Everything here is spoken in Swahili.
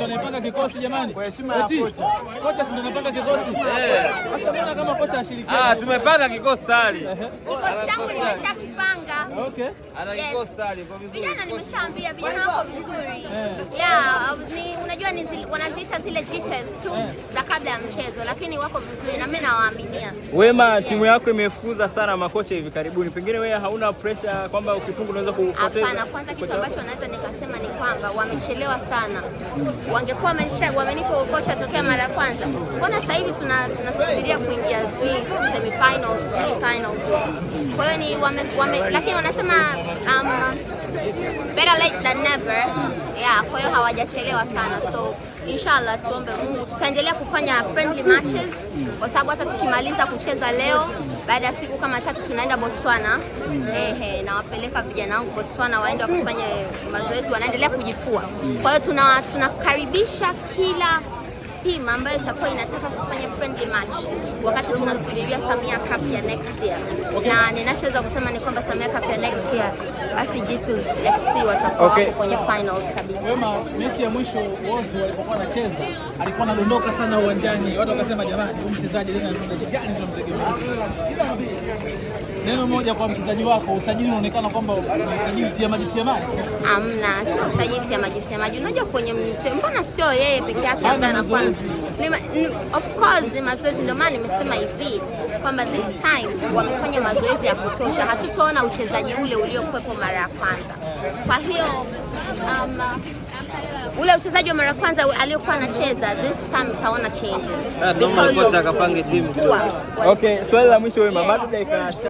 ndo anapanga kikosi jamani. Kocha ndo anapanga kikosi. Sasa mbona kama kocha ashirikiane? Ah, tumepanga kikosi tayari. Kikosi changu nimeshakipanga. Okay. Ana kikosi tayari. Kwa vizuri. Vijana nimeshaambia vijana wako vizuri. Eh. Yeah labda wanaziita zile cheaters tu eh. za kabla ya mchezo, lakini wako vizuri na mimi nawaaminia. Wema, timu yako imefukuza sana makocha hivi karibuni, pengine wewe hauna pressure kwamba ukifunga unaweza kupoteza? Hapana, kwanza kitu ambacho naweza nikasema ni kwamba wamechelewa sana, wangekuwa wamenipa kocha tokea mara ya kwanza. Mbona sasa hivi tunasubiria semi kuingia semi finals? Kwa hiyo ni wame, wame, lakini wanasema um, better late than never. Yeah, kwa hiyo hawajachelewa sana so so inshallah tuombe Mungu, tutaendelea kufanya friendly matches kwa sababu hata tukimaliza kucheza leo, baada ya siku kama tatu tunaenda Botswana. Ehe, nawapeleka vijana wangu Botswana waende wakafanye mazoezi, wanaendelea kujifua. Kwa hiyo tunakaribisha tuna kila timu ambayo itakuwa inataka kufanya wakati tunasubiria Samia Cup ya next year okay. Na ninachoweza kusema ni kwamba Samia Cup ya next year basi Jitu FC watakuwa okay, kwenye finals kabisa. Wema, mechi ya mwisho Wozi walipokuwa anacheza alikuwa anadondoka sana uwanjani, watu wakasema jamani, huyu mchezaji leo mchezaji gani tunamtegemea? Neno moja kwa mchezaji wako, usajili unaonekana kwamba usajili tia maji tia maji. Hamna, sio usajili tia maji tia maji. Unajua kwenye mchezo, mbona sio yeye peke yake ambaye anakuwa Of course ni mazoezi, ndio maana nimesema hivi kwamba this time wamefanya mazoezi ya kutosha, hatutaona uchezaji ule uliokuwepo mara ya kwanza. Kwa hiyo um, ule uchezaji wa mara kwanza aliyokuwa anacheza this time utaona changes. Ah, akapange timu. Okay, swali la mwisho wema, mabado dakika